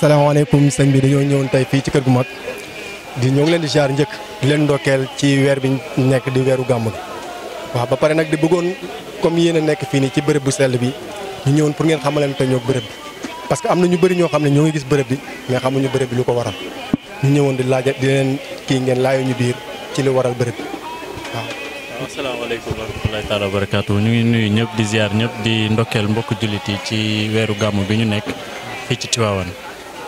salaamaaleykum sëñ bi dañu ñëwoon tay fi ci kër gu mag di ñëw leen di jaar ñëk di leen ndokkeel ci wër bi nekk di wëru gàmm gi waaw ba paré nak di bëggoon comme yéen nekk fi ni ci bërëb bu sel bi ñu ñëwoon pour ngeen xamaleen te ñok bërëb parce que amna ñu bëri ño xam ne ñoo ngi gis bërëb bi mais ñu bërëb bi lu ko waral ñu ñëwoon di laaj di leen ki ngeen laayoo ñu biir ci li waral bërëb bi waaw. wa rahmatulahi taala wa barakaatu ñu ngi nuyu ñëpp di ziar ñëpp di ndokkeel mbokk jullit yi ci wëru gàmm bi ñu nekk fii ci tiwawan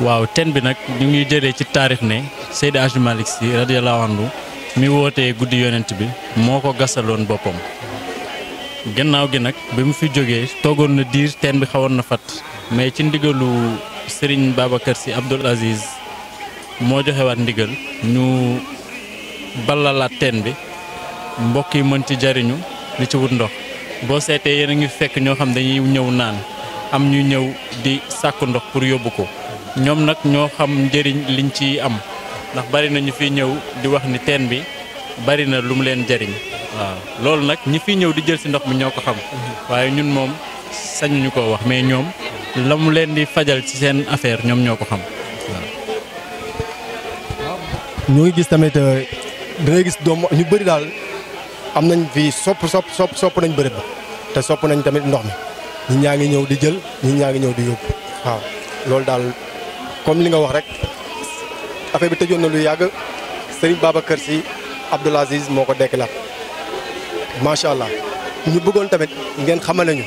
waaw ten bi nag ñu ngi jëlee ci taarix ne Seydi Hadji Malick Sy radiyallahu anhu mi woote guddi yonent bi moo ko gasaloon boppam gannaaw gi nag bi mu fi jógee toogoon na diir teen bi xawoon na fat mais ci ndigalu Serigne Babacar Sy Abdoul Aziz moo joxewaat ndigal ñu ballalaat teen bi mbokk yi mën ci jariñu li ci wut ndox boo seetee yéen a ngi fekk ñoo xam dañuy ñëw naan am ñu ñëw di sàkku ndox pour yóbbu ko ñoom nag ñoo xam njëriñ liñ ci am ndax bari na ñu fi ñëw di wax ni teen bi bari na lu mu leen jëriñ waaw loolu nag ñi fi ñëw di jël si ndox mi ñoo ko xam waaye ñun moom sañ ñu ko wax mais ñoom la mu leen di fajal ci seen affaire ñoom ñoo ko xam waaw. ngi gis tamit euh, da ngay gis doom ñu bari daal am nañ fi sopp sopp sopp sopp nañ bërëb ba te sopp nañ tamit ndox mi ñi ñaa ngi ñëw di jël ñi ñaa ngi ñëw di yóbbu waaw loolu daal. comme li nga wax rek affaire bi tëjoon na lu yàgg Serigne Babacar Sy Abdoul Aziz moo ko dekk la macha allah ñu bëggoon tamit ngeen xamale ñu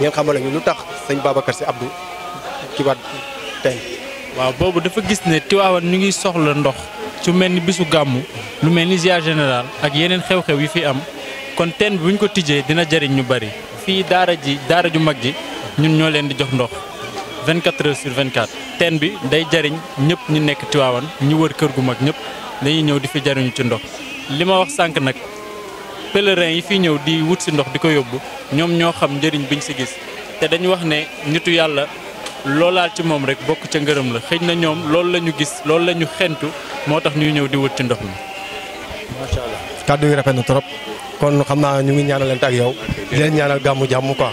ngeen xamale ñu lu tax sëñ Babacar Sy Abdou ci waat tey. waaw boobu dafa gis ne Tiwaawan ñu ngi soxla ndox su mel ni bisu gàmmu lu mel ni ziar général ak yeneen xew-xew yi fi am kon teen bi bu ñu ko tijjee dina jariñ ñu bari fii daara ji daara ju mag ji ñun ñoo leen di jox ndox. 24 heures sur 24 teen bi day jariñ ñëpp ñu nekk Tiwaawan ñu wër kër gu mag ñëpp dañuy ñëw di fi jariñu ci ndox li ma wax sànq nag pèlerin yi fiy ñëw di wut si ndox di ko yóbbu ñoom ñoo xam njëriñ ñu si gis te dañu wax ne nitu yàlla loolaal ci moom rek bokk ca ngërëm la xëy na ñoom loolu la ñu gis loolu la ñu xentu moo tax ñuy ñëw di wut ci ndox mi. macha allah kàddu yi rafet na trop kon xam naa ñu ngi ñaanalante ak yow. di leen ñaanal gàmmu jàmm quoi.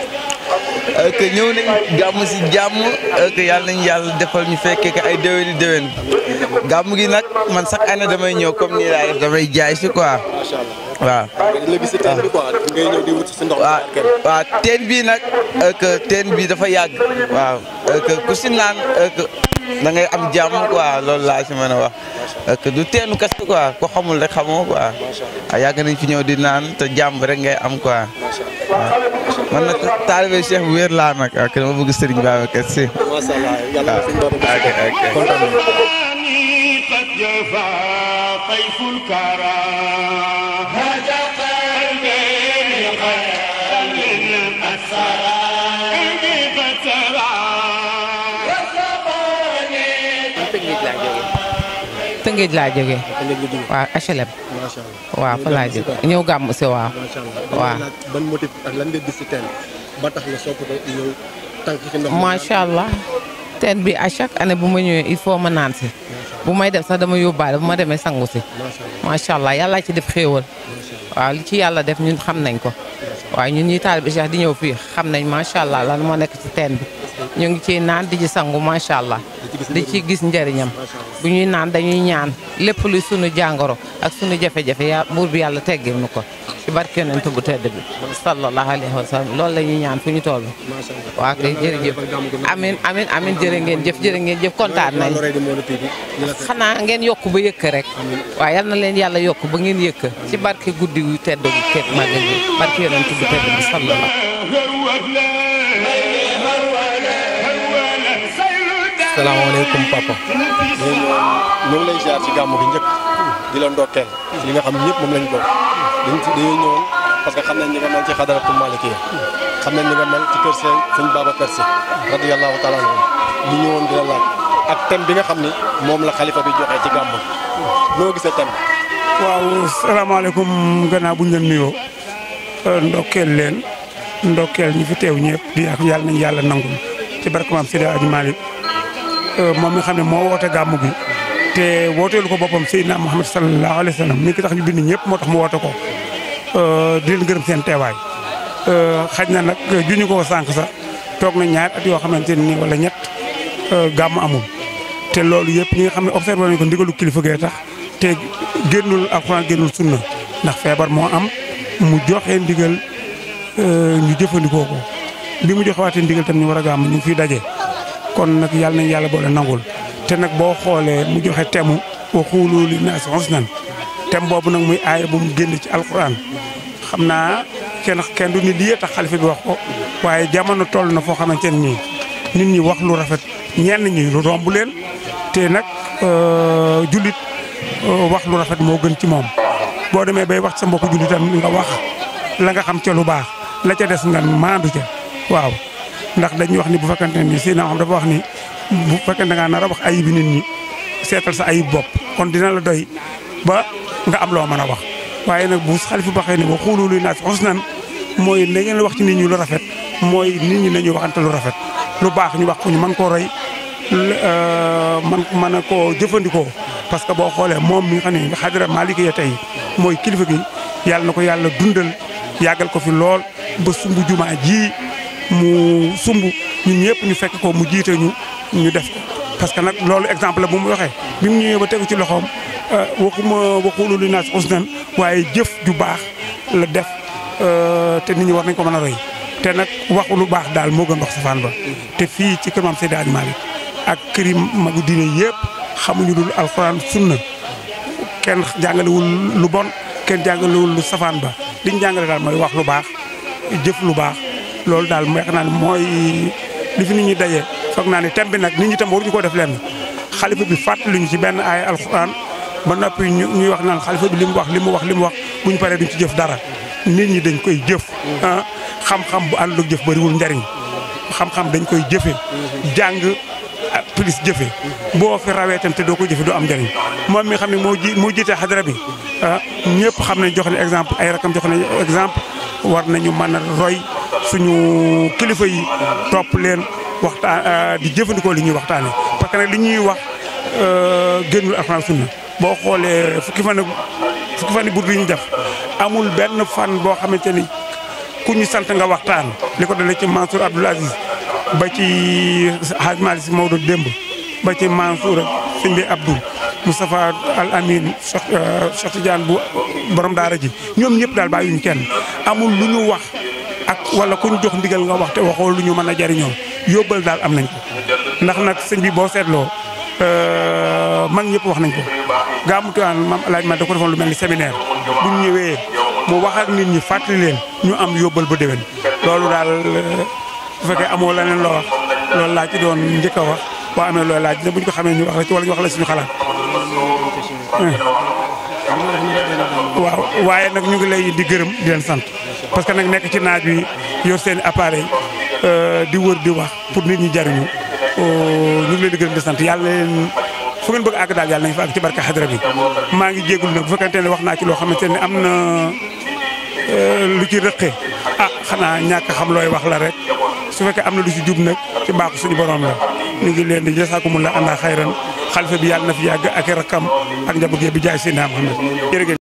Euh, que ñëw nañ gàmm si jàmm euh, que yàlla nañ yàlla defal ñu fekkee que ay déwéni déwén gàmm gi nag man chaque année damay ñëw comme nii laay damay jaay si quoi waaw. teen bii nag euh, que teen bii dafa yàgg waaw que ku si naan que da ngay am jàmm quoi loolu laa si mën a wax. que du teenu kese quoi ko xamul rek xamoo quoi. waaw ah, yàgg nañ fi ñëw di naan te jàmm rek ngay am quoi Mana talib Syekh weer laa nag kenn ma bëgg Serigne Babacar Sy masha Allah yàlla suñu doon ak ak kontaan qad jafa tayful kara tëngéej laa jógee. waaw HLM. macha allah waaw fa laa macha allah waaw teen bi à chaque année bu ma ñëwee il faut ma naan si. bu may def sax dama yóbbaale bu ma demee sangu si. macha allah yàlla ci def xéewal. waaw li ci yàlla def ñun xam nañ ko. waaye ñun ñuy taalibe Cheikh di ñëw fii xam nañ macha lan moo nekk ci teen bi ñu ngi ciy naan di ji sangu macha allah di ci gis njëriñam bu ñuy naan dañuy ñaan lépp luy sunu jàngoro ak sunu jafe-jafe yaa buur bi yàlla teggil nu ko ci barke yonent bu tedd bi sallallahu alayhi wa sallam loolu la ñuy ñaan fu ñu tool toll waaw kay jërëjëf amin amin amin jërë ngeen jef jërë ngeen jëf kontaan nañ xanaa ngeen yokku ba yëkk rek waaw yal na leen yàlla yokku ba ngeen yëkk ci barke guddi yu tedd bu tedd magal bi barke yonent bu tedd bi sallallahu salaamaaleykum papa ñu ngi lay ziar ci gàmmu gi njëkk di la ndokkeel li xam moom lañ bokk dañ fi dañoo ñëwoon parce que xam nañ ni nga mel ci xadaratul malikiya xam nañ ni nga mel ci kër seen sëñ Babacar Sy radiyallahu taala anhu ñu ñëwoon di bi nga xam ne moom la xalifa bi joxe ci gàmmu loo gisee thème waaw salaamaaleykum gannaaw bu ñu leen nuyoo euh, ndokkeel leen ndokkeel ñi fi teew ñëpp di ak yàlla nañ yàlla nangul ci barke maam Seydi Aji Malick euh, moom mi xam ne moo woote gàmmu gi te wooteelu ko boppam Seydina Muhammad sallallahu alayhi wa sallam ni ki tax ñu bind ñëpp moo tax mu woote ko euh, di leen gërëm seen teewaay euh, xaj na nag juñu ko sànq sax toog na ñaar at yoo xamante ni wala ñett euh, gàmm amul te loolu yëpp ñi nga ne observé nañu ko ndigalu kilifa gee tax te génnul alxuraan génnul sunna ndax feebar moo am mu joxe ndigal ñu jëfandikoo ko bi mu joxewaatee ndigal tam ñu war a gàmm ñu fi fiy daje kon nag yàlla nañ yàlla boole nangul te nag boo xoolee mu joxe temu wa xuulu li naas husnan tem boobu nag muy aaye bu mu génn ci alquran xam naa kenn kenn du ni lii tax xalifa bi wax ko waaye jamono toll na foo xamante ne nii nit ñi wax lu rafet ñenn ñi lu romb leen te nag euh, jullit euh, wax lu rafet moo gën ci moom boo demee bay wax sa mbokku jullitam nga wax la nga xam ca lu baax la ca des nga maandu ca waaw ndax dañuy wax ni bu fekkante ni si naa xam dafa wax ni bu fekkee da ngaa nar a wax nit ñi seetal sa ayib bopp kon dina la doy ba nga am loo mën a wax. waaye nag bu xalifa baxee ne ba xuulu luy naaj xusnan mooy la ngeen wax ci nit ñi lu rafet mooy nit ñi nañu waxante lu rafet lu baax ñu wax ko ñu mën koo roy euh, man mën a koo jëfandikoo. parce que boo xoolee moom mi nga xam ne xadira maliki ya tey mooy kilifa gi yàlla na ko yàlla dundal yàggal ko fi lool ba sumb jumaa ji mu sumb ñun ñëpp ñu fekk ko mu jiite ñu. ñu def ko parce que nag loolu exemple la bu mu waxee bi mu ñëwee ba tegu ci loxoom euh, waxuma waxulu li naas usnan waaye jëf ju baax la def euh, te nit ñi war nañ ko mën a roy te nag waxu lu baax daal moo gën wax safaan te fii ci kër maam Seydi ak kër yi magu yëpp xamuñu dul alxuraan sunna kenn jàngalewul lu bon kenn jàngalewul lu safaan ba liñ jàngale daal mooy wax lu baax jëf lu baax loolu daal mooy li fi nit ñi daje foog naa ne thème bi nag nit ñi tam waruñu koo def lenn xalifa bi ñu ci benn ay alxuraan ba noppi ñu ñuy wax naan xalifa bi li mu wax li mu wax li mu wax buñ paree duñ ci jëf dara nit ñi dañ koy jëf. Ah. xam-xam bu àndul jëf bëriwul njariñ xam-xam dañ koy jëfe jàng ah, plus jëfe boo fi rawee tam te doo ko jëfe doo am njariñ moom mi xam ne moo ji moo jiite xadra bi ah, ñëpp xam nañ jox ne exemple ay rakam jox nañ exemple war nañu man a roy suñu kilifa yi topp leen. waxtaan euh, di jëfandikoo li ñuy waxtaane parce que nag li ñuy wax euh, génnul alxuraan sunna boo xoolee fukki fan fukki fan bu def amul benn fan boo xamante ni ku ñu sant nga waxtaan li ko ci Mansour Abdoul Aziz ba ci Hadj Malick Sy Maodo ba ci Mansour ak Abdou Moustapha Al Amin euh, Cheikh Tidiane bu borom daara ji ñoom ñëpp kenn amul lu ñu wax ak wala ku jox ndigal nga wax te waxoo lu ñu jariñoo yóbbal daal am nañ ko ndax nag sëñ bi boo seetloo euh, mag ñëpp wax nañ ko gàmmu Tiwaawan maam laaj ma da ko defoon lu mel ni séminaire bu ñu ñëwee mu wax ak nit ñi fàttali ñu am yóbbal bu déwén loolu daal bu fekkee amoo leneen loo wax loolu laa ci doon njëkk a wax boo amee loolu laaj ne bu ñu ko xamee ñu wax la ci wala ñu wax la suñu xalaat hmm. waaw waaye nag ñu ngi lay di gërëm di leen sant parce que nag nekk ci naaj wi yor seen appareil Euh, di wër di wax pour nit ñi jariñu oh, ñu ngi leen di gërëm di sant yàlla leen fu ngeen bëgg àgg daal yàlla nañ fa àgg ci barka xadra bi maa ngi jégalu nag bu fekkente ne wax naa ci loo xamante ne am na euh, lu ci rëqe ah xanaa ñàkk xam looy wax la rek su fekkee am na lu ci jub nag ci mbaaxu suñu borom la ñu ngi leen di jasaakumul la àndaa xayran xalifa bi yàlla na fi yàgg ak rakkam ak njaboot bi jaay seen naam xam ne